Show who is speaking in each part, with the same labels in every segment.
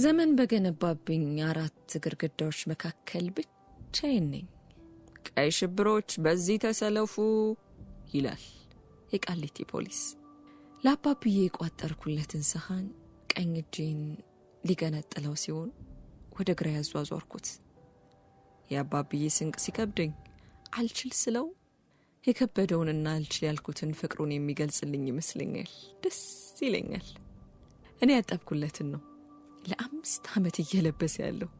Speaker 1: ዘመን በገነባብኝ አራት ግድግዳዎች መካከል ብቻዬን ነኝ። ቀይ ሽብሮች በዚህ ተሰለፉ
Speaker 2: ይላል የቃሊቲ ፖሊስ። ለአባብዬ የቋጠርኩለትን ሰሃን ቀኝ እጄን ሊገነጥለው ሲሆን ወደ ግራ ያዟዟርኩት። የአባብዬ ስንቅ ሲከብደኝ አልችል ስለው የከበደውንና አልችል ያልኩትን ፍቅሩን የሚገልጽልኝ ይመስለኛል። ደስ ይለኛል። እኔ ያጠብኩለትን ነው ለአምስት ዓመት እየለበሰ ያለው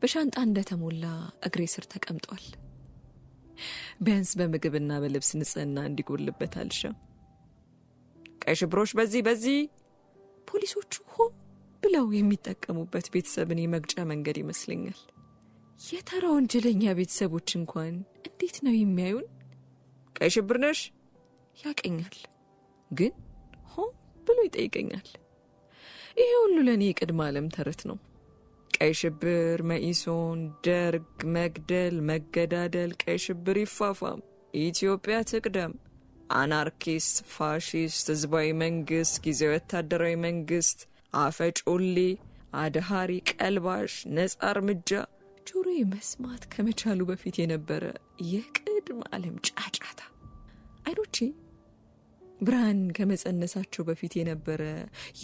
Speaker 2: በሻንጣ እንደተሞላ እግሬ ስር ተቀምጧል። ቢያንስ በምግብና በልብስ ንጽህና እንዲጎልበት አልሻም።
Speaker 1: ቀይ ሽብሮች በዚህ በዚህ
Speaker 2: ፖሊሶቹ ሆ ብለው የሚጠቀሙበት ቤተሰብን የመግጫ መንገድ ይመስለኛል። የተራ ወንጀለኛ ቤተሰቦች እንኳን እንዴት ነው የሚያዩን?
Speaker 1: ቀይ ሽብር ነሽ ያቀኛል፣ ግን
Speaker 2: ሆ ብሎ ይጠይቀኛል። ይሄ ሁሉ ለእኔ የቅድመ ዓለም ተረት ነው።
Speaker 1: ቀይ ሽብር፣ መኢሶን፣ ደርግ፣ መግደል፣ መገዳደል፣ ቀይ ሽብር ይፋፋም፣ ኢትዮጵያ ትቅደም፣ አናርኪስት፣ ፋሺስት፣ ህዝባዊ መንግስት፣ ጊዜያዊ ወታደራዊ መንግስት፣ አፈጮሌ፣ አድሃሪ፣ ቀልባሽ፣ ነጻ
Speaker 2: እርምጃ ጆሮ መስማት ከመቻሉ በፊት የነበረ የቅድመ ዓለም ጫጫታ አይኖቼ ብርሃን ከመጸነሳቸው በፊት የነበረ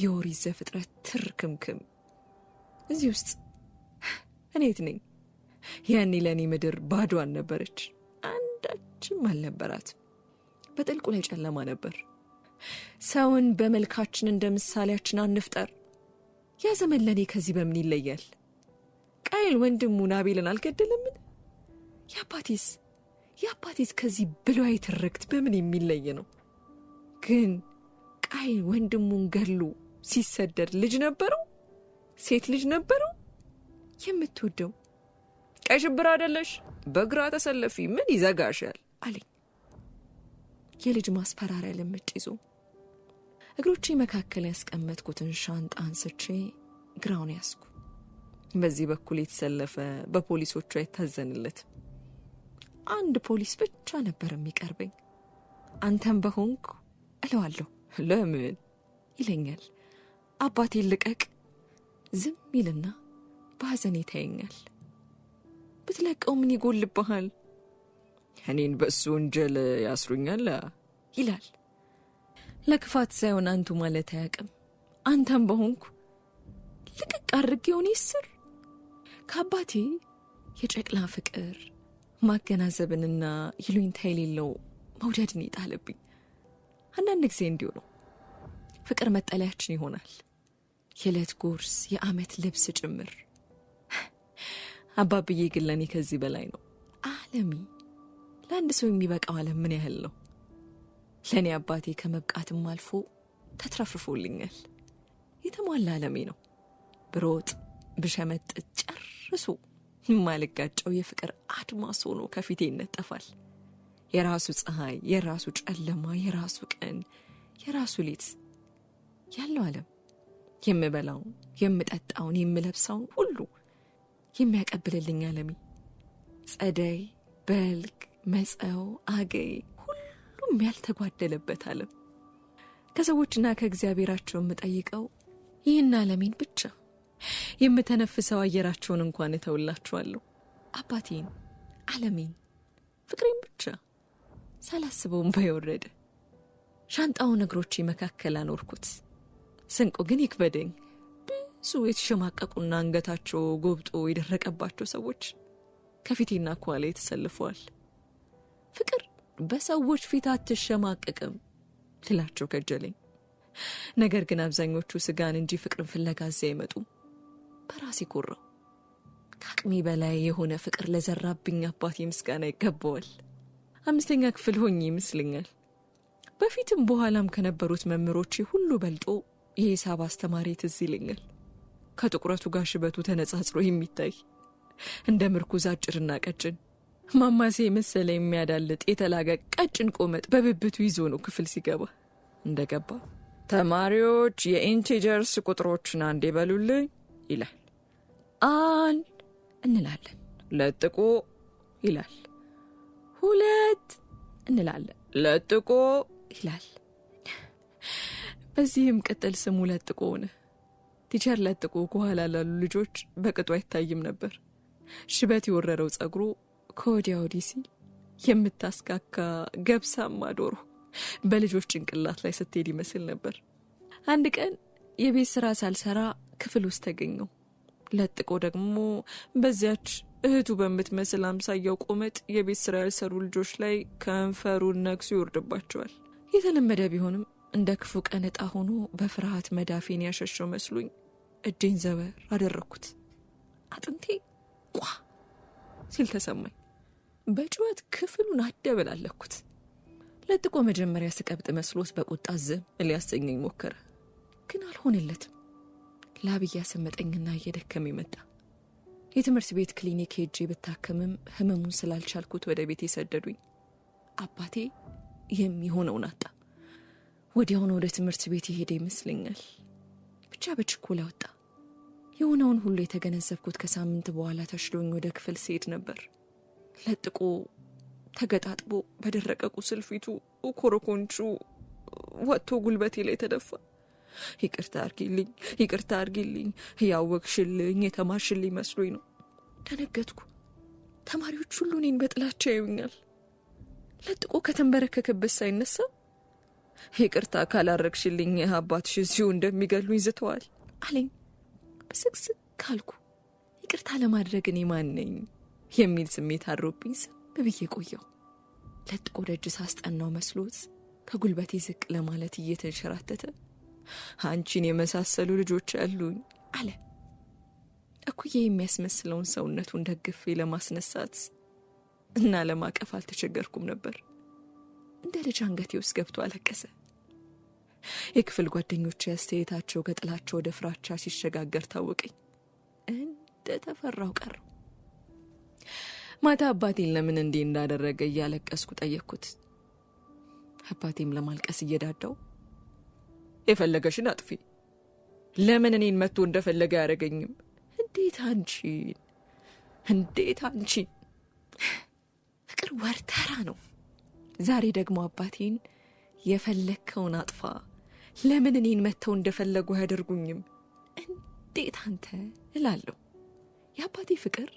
Speaker 2: የኦሪት ዘፍጥረት ትርክምክም እዚህ ውስጥ እኔት ነኝ። ያኔ ለእኔ ምድር ባዷን ነበረች፣ አንዳችም አልነበራት በጥልቁ ላይ ጨለማ ነበር። ሰውን በመልካችን እንደ ምሳሌያችን አንፍጠር። ያ ዘመን ለእኔ ከዚህ በምን ይለያል? ቃየል ወንድሙን አቤልን አልገደለምን? የአባቴስ የአባቴስ ከዚህ ብሎ ትርክት በምን የሚለይ ነው? ግን ቃይን ወንድሙን ገሎ ሲሰደድ ልጅ ነበረው? ሴት ልጅ ነበረው? የምትወደው
Speaker 1: ቀይ ሽብር አይደለሽ? በግራ ተሰለፊ ምን
Speaker 2: ይዘጋሻል? አለኝ የልጅ ማስፈራሪያ ልምጭ ይዞ። እግሮቼ መካከል ያስቀመጥኩትን ሻንጣ አንስቼ ግራውን ያስኩ። በዚህ በኩል የተሰለፈ በፖሊሶቹ አይታዘንለትም። አንድ ፖሊስ ብቻ ነበር የሚቀርበኝ። አንተም በሆንኩ እለዋለሁ። ለምን ይለኛል። አባቴ ልቀቅ ዝም ይልና በሐዘኔታ ይታየኛል! ብትለቀው ምን ይጎልብሃል?
Speaker 1: እኔን በእሱ ወንጀል ያስሩኛል
Speaker 2: ይላል። ለክፋት ሳይሆን አንቱ ማለት አያውቅም። አንተም በሆንኩ ልቅቅ አድርጌውን ይስር ከአባቴ የጨቅላ ፍቅር ማገናዘብንና ይሉኝታ የሌለው መውደድን ይጣለብኝ። አንዳንድ ጊዜ እንዲሁ ነው። ፍቅር መጠለያችን ይሆናል፣ የዕለት ጉርስ፣ የዓመት ልብስ ጭምር። አባብዬ ግን ለእኔ ከዚህ በላይ ነው። አለሚ ለአንድ ሰው የሚበቃው አለም ምን ያህል ነው? ለእኔ አባቴ ከመብቃትም አልፎ ተትረፍርፎልኛል። የተሟላ አለሜ ነው። ብሮጥ ብሸመጥ ጨርሶ የማልጋጨው የፍቅር አድማስ ሆኖ ከፊቴ ይነጠፋል። የራሱ ፀሐይ፣ የራሱ ጨለማ፣ የራሱ ቀን፣ የራሱ ሌት ያለው ዓለም የምበላውን፣ የምጠጣውን፣ የምለብሰውን ሁሉ የሚያቀብልልኝ ዓለሜ ጸደይ፣ በልግ፣ መጸው፣ አገይ ሁሉም ያልተጓደለበት ዓለም ከሰዎችና ከእግዚአብሔራቸው የምጠይቀው ይህን ዓለሜን ብቻ የምተነፍሰው አየራቸውን እንኳን እተውላችኋለሁ። አባቴን፣ ዓለሜን፣ ፍቅሬን ብቻ ሳላስበውም ባይወረደ ሻንጣውን እግሮቼ መካከል አኖርኩት። ስንቁ ግን ይክበደኝ። ብዙ የተሸማቀቁና አንገታቸው ጎብጦ የደረቀባቸው ሰዎች ከፊቴና ከኋላ ተሰልፈዋል። ፍቅር በሰዎች ፊት አትሸማቀቅም ልላቸው ከጀለኝ። ነገር ግን አብዛኞቹ ስጋን እንጂ ፍቅርን ፍለጋ እዚያ አይመጡም። በራሴ ኮራው። ከአቅሜ በላይ የሆነ ፍቅር ለዘራብኝ አባቴ ምስጋና ይገባዋል። አምስተኛ ክፍል ሆኜ ይመስለኛል። በፊትም በኋላም ከነበሩት መምህሮቼ ሁሉ በልጦ የሂሳብ አስተማሪ ትዝ ይለኛል። ከጥቁረቱ ጋር ሽበቱ ተነጻጽሮ የሚታይ እንደ ምርኩዝ አጭርና ቀጭን ማማሴ የመሰለ የሚያዳልጥ የተላገ ቀጭን ቆመጥ በብብቱ ይዞ ነው ክፍል ሲገባ። እንደገባ
Speaker 1: ተማሪዎች የኢንቴጀርስ ቁጥሮችን አንድ ይበሉልኝ ይላል። አን እንላለን። ለጥቁ ይላል። ሁለት እንላለን። ለጥቆ
Speaker 2: ይላል። በዚህም ቅጥል ስሙ ለጥቆ ሆነ። ቲቸር ለጥቆ ከኋላ ላሉ ልጆች በቅጡ አይታይም ነበር። ሽበት የወረረው ጸጉሩ ከወዲያ ወዲህ ሲል የምታስካካ ገብሳማ ዶሮ በልጆች ጭንቅላት ላይ ስትሄድ ይመስል ነበር። አንድ ቀን የቤት ስራ ሳልሰራ ክፍል ውስጥ ተገኘው። ለጥቆ ደግሞ በዚያች እህቱ በምትመስል አምሳያው ቆመጥ የቤት ስራ ያልሰሩ ልጆች ላይ ከንፈሩን ነክሱ ይወርድባቸዋል። የተለመደ ቢሆንም እንደ ክፉ ቀን ዕጣ ሆኖ በፍርሃት መዳፌን ያሸሸው መስሉኝ እጄን ዘበር አደረግኩት። አጥንቴ ቋ ሲል ተሰማኝ። በጩኸት ክፍሉን አደበላለኩት። ለጥቆ መጀመሪያ ስቀብጥ መስሎት በቁጣ ዝም ሊያሰኘኝ ሞከረ፣ ግን አልሆነለትም። ላብ እያሰመጠኝና እየደከመኝ መጣ። የትምህርት ቤት ክሊኒክ ሄጄ ብታከምም ህመሙን ስላልቻልኩት ወደ ቤት የሰደዱኝ። አባቴ የሚሆነውን አጣ። ወዲያውን ወደ ትምህርት ቤት የሄደ ይመስለኛል። ብቻ በችኮላ ወጣ። የሆነውን ሁሉ የተገነዘብኩት ከሳምንት በኋላ ተሽሎኝ ወደ ክፍል ስሄድ ነበር። ለጥቆ ተገጣጥቦ በደረቀ ቁስል ፊቱ ኮረኮንቹ ወጥቶ ጉልበቴ ላይ ተደፋ። ይቅርታ አርጊልኝ፣ ይቅርታ አርጊልኝ፣ ያወቅሽልኝ የተማሽልኝ መስሎኝ ነው። ደነገጥኩ። ተማሪዎች ሁሉ እኔን በጥላቻ ያዩኛል። ለጥቆ ከተንበረከከበት ሳይነሳ ይቅርታ ካላረግሽልኝ አባትሽ እዚሁ እንደሚገሉኝ ዝተዋል አለኝ። ብስቅስቅ ካልኩ ይቅርታ ለማድረግ እኔ ማን ነኝ የሚል ስሜት አድሮብኝ ዝም ብዬ ቆየው። ለጥቆ ደጅ ሳስጠናው መስሎት ከጉልበቴ ዝቅ ለማለት እየተንሸራተተ አንቺን የመሳሰሉ ልጆች አሉኝ አለ። እኩዬ የሚያስመስለውን ሰውነቱን ደግፌ ለማስነሳት እና ለማቀፍ አልተቸገርኩም ነበር። እንደ ልጅ አንገቴ ውስጥ ገብቶ አለቀሰ። የክፍል ጓደኞች አስተያየታቸው ከጥላቸው ወደ ፍራቻ ሲሸጋገር ታወቀኝ። እንደ ተፈራው ቀረው። ማታ አባቴን ለምን እንዲህ እንዳደረገ እያለቀስኩ ጠየቅኩት። አባቴም ለማልቀስ እየዳዳው የፈለገሽን አጥፊ። ለምን እኔን መጥቶ እንደፈለገ አያደርገኝም? እንዴት አንቺን እንዴት አንቺን! ፍቅር ወርተራ ነው። ዛሬ ደግሞ አባቴን የፈለግከውን አጥፋ፣ ለምን እኔን መጥተው እንደፈለጉ አያደርጉኝም? እንዴት አንተ እላለሁ። የአባቴ ፍቅር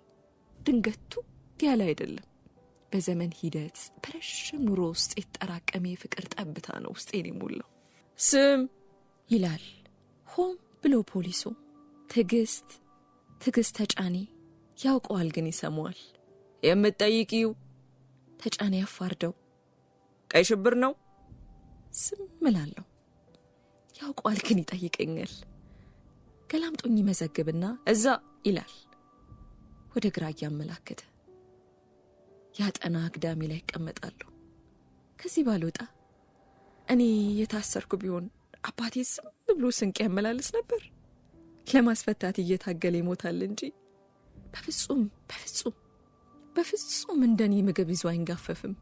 Speaker 2: ድንገቱ ያለ አይደለም። በዘመን ሂደት በረዥም ኑሮ ውስጥ የተጠራቀመ የፍቅር ጠብታ ነው ውስጤን የሞላው። ስም ይላል ሆም ብሎ ፖሊሱ። ትዕግስት ትዕግስት ተጫኔ ያውቀዋል፣ ግን ይሰማዋል።
Speaker 1: የምትጠይቂው
Speaker 2: ተጫኔ ያፋርደው።
Speaker 1: ቀይ ሽብር ነው
Speaker 2: ስም ምላለሁ ያውቀዋል፣ ግን ይጠይቀኛል። ገላምጦኝ ይመዘግብና
Speaker 1: እዛ ይላል
Speaker 2: ወደ ግራ እያመላከተ። ያጠና አግዳሚ ላይ ይቀመጣሉ። ከዚህ ባልወጣ እኔ የታሰርኩ ቢሆን አባቴ ዝም ብሎ ስንቅ ያመላልስ ነበር። ለማስፈታት እየታገለ ይሞታል እንጂ በፍጹም በፍጹም በፍጹም እንደኔ ምግብ ይዞ አይንጋፈፍም።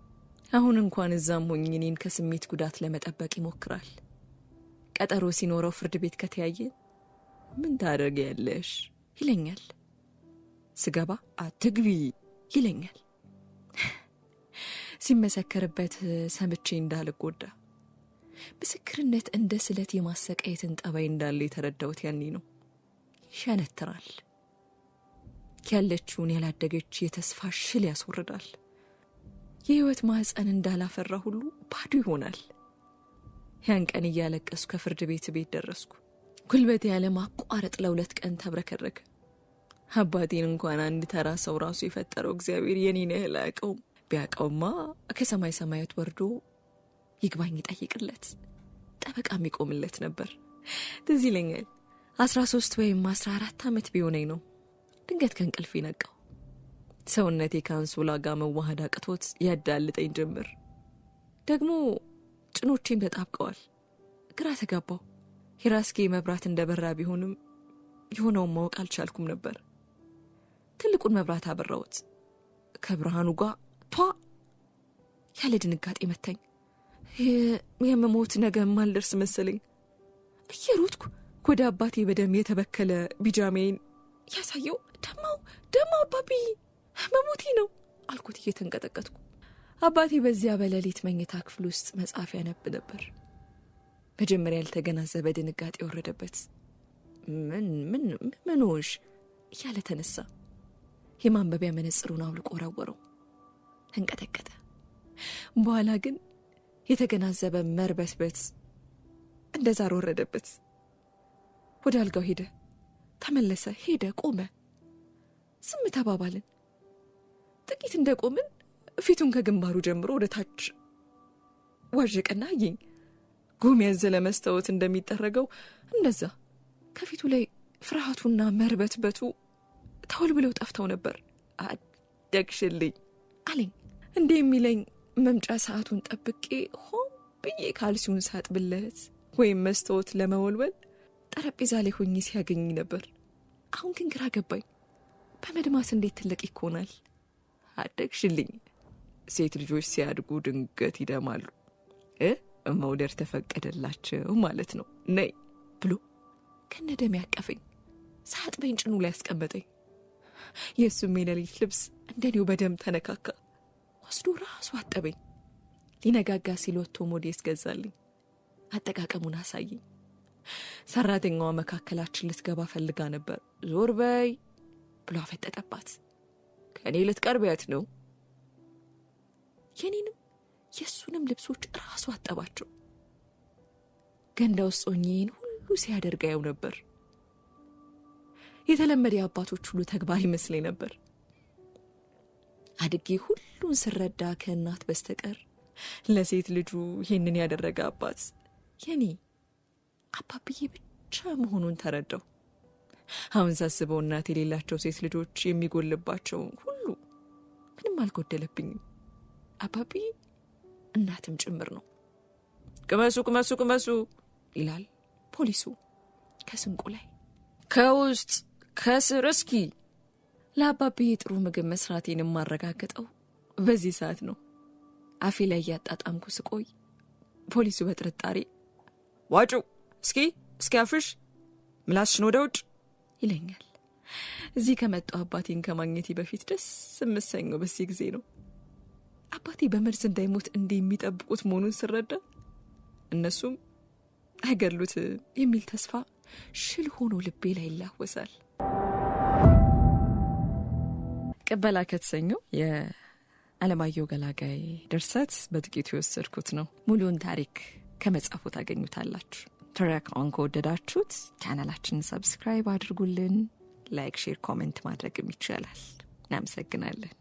Speaker 2: አሁን እንኳን እዛም ሆኜ እኔን ከስሜት ጉዳት ለመጠበቅ ይሞክራል። ቀጠሮ ሲኖረው ፍርድ ቤት ከተያየን ምን ያለሽ ይለኛል። ስገባ አትግቢ ይለኛል። ሲመሰከርበት ሰምቼ እንዳልጎዳ ምስክርነት እንደ ስለት የማሰቃየትን ጠባይ እንዳለ የተረዳሁት ያኔ ነው። ይሸነትራል። ያለችውን ያላደገች የተስፋ ሽል ያስወርዳል። የህይወት ማኅፀን እንዳላፈራ ሁሉ ባዶ ይሆናል። ያን ቀን እያለቀሱ ከፍርድ ቤት ቤት ደረስኩ። ጉልበት ያለ ማቋረጥ ለሁለት ቀን ተብረከረከ። አባቴን እንኳን አንድ ተራ ሰው ራሱ የፈጠረው እግዚአብሔር የኔን ያህል አያውቀውም። ቢያውቀውማ ከሰማይ ሰማያት ወርዶ ይግባኝ ይጠይቅለት ጠበቃ የሚቆምለት ነበር። ትዝ ይለኛል አስራ ሶስት ወይም አስራ አራት ዓመት ቢሆነኝ ነው ድንገት ከእንቅልፍ ይነቃው ሰውነቴ ከአንሶላ ጋር መዋሃድ አቅቶት ያዳልጠኝ ጀምር። ደግሞ ጭኖቼም ተጣብቀዋል። ግራ ተጋባው። ሂራስጌ መብራት እንደበራ ቢሆንም የሆነውን ማወቅ አልቻልኩም ነበር። ትልቁን መብራት አበራውት ከብርሃኑ ጋር ቷ ያለ ድንጋጤ መታኝ። የመሞት ነገ ማልደርስ መሰለኝ እየሮጥኩ ወደ አባቴ በደም የተበከለ ቢጃሜን ያሳየው ደማው ደማ አባቢ መሞቴ ነው አልኩት እየተንቀጠቀጥኩ። አባቴ በዚያ በሌሊት መኝታ ክፍል ውስጥ መጽሐፍ ያነብ ነበር። መጀመሪያ ያልተገናዘበ ድንጋጤ ወረደበት። ምን ምን ምን ሆንሽ እያለ ተነሳ። የማንበቢያ መነጽሩን አውልቆ ወረወረው። ተንቀጠቀጠ። በኋላ ግን የተገናዘበ መርበትበት እንደ ዛር ወረደበት። ወደ አልጋው ሄደ፣ ተመለሰ፣ ሄደ፣ ቆመ። ዝም ተባባልን። ጥቂት እንደ ቆምን ፊቱን ከግንባሩ ጀምሮ ወደ ታች ዋዠቀና አየኝ። ጉም ያዘለ መስታወት እንደሚጠረገው እንደዛ ከፊቱ ላይ ፍርሃቱና መርበትበቱ ተወልብለው ብለው ጠፍተው ነበር። አደግሽልኝ አለኝ። እንዲህ የሚለኝ መምጫ ሰዓቱን ጠብቄ ሆን ብዬ ካልሲውን ሳጥብለት ወይም መስታወት ለመወልወል ጠረጴዛ ላይ ሆኜ ሲያገኝ ነበር። አሁን ግን ግራ ገባኝ። በመድማስ እንዴት ትልቅ ይኮናል? አደግሽልኝ። ሴት ልጆች ሲያድጉ ድንገት ይደማሉ። መውደድ ተፈቀደላቸው ማለት ነው። ነይ ብሎ ደም ያቀፈኝ፣ ሳጥበኝ ጭኑ ላይ ያስቀመጠኝ። የእሱም የሌሊት ልብስ እንደኔው በደም ተነካካ። ወስዶ ራሱ አጠበኝ። ሊነጋጋ ሲል ወጥቶ ሞዴስ ገዛልኝ። አጠቃቀሙን አሳየኝ። ሰራተኛዋ መካከላችን ልትገባ ፈልጋ ነበር። ዞር በይ ብሎ አፈጠጠባት። ከእኔ ልትቀርቢያት ነው? የኔንም የእሱንም ልብሶች ራሱ አጠባቸው። ገንዳ ውስጥ ሆኜ ይህን ሁሉ ሲያደርግ ያየው ነበር። የተለመደ የአባቶች ሁሉ ተግባር ይመስለኝ ነበር። አድጌ ሁሉ ሁሉን ስረዳ ከእናት በስተቀር ለሴት ልጁ ይህንን ያደረገ አባት የኔ አባብዬ ብቻ መሆኑን ተረዳው። አሁን ሳስበው እናት የሌላቸው ሴት ልጆች የሚጎልባቸው ሁሉ ምንም አልጎደለብኝም። አባብዬ እናትም ጭምር ነው።
Speaker 1: ቅመሱ ቅመሱ ቅመሱ
Speaker 2: ይላል ፖሊሱ ከስንቁ
Speaker 1: ላይ ከውስጥ ከስር እስኪ
Speaker 2: ለአባብዬ ጥሩ ምግብ መስራቴንም ማረጋገጠው በዚህ ሰዓት ነው አፌ ላይ እያጣጣምኩ ስቆይ ፖሊሱ በጥርጣሬ
Speaker 1: ዋጩ እስኪ እስኪ አፍሽ ምላስሽን ወደ ውጭ
Speaker 2: ይለኛል። እዚህ ከመጣው አባቴን ከማግኘቴ በፊት ደስ የምሰኘው በዚህ ጊዜ ነው። አባቴ በመርዝ እንዳይሞት እንዴ የሚጠብቁት መሆኑን ስረዳ እነሱም አይገድሉት የሚል ተስፋ ሽል ሆኖ ልቤ ላይ ይላወሳል። ቅበላ ከተሰኘው አለማየሁ ገላጋይ ድርሰት በጥቂቱ የወሰድኩት ነው። ሙሉውን ታሪክ ከመጽሐፉ ታገኙታላችሁ። ትረካውን ከወደዳችሁት ቻናላችንን ሰብስክራይብ አድርጉልን። ላይክ፣ ሼር፣ ኮሜንት ማድረግም ይቻላል። እናመሰግናለን።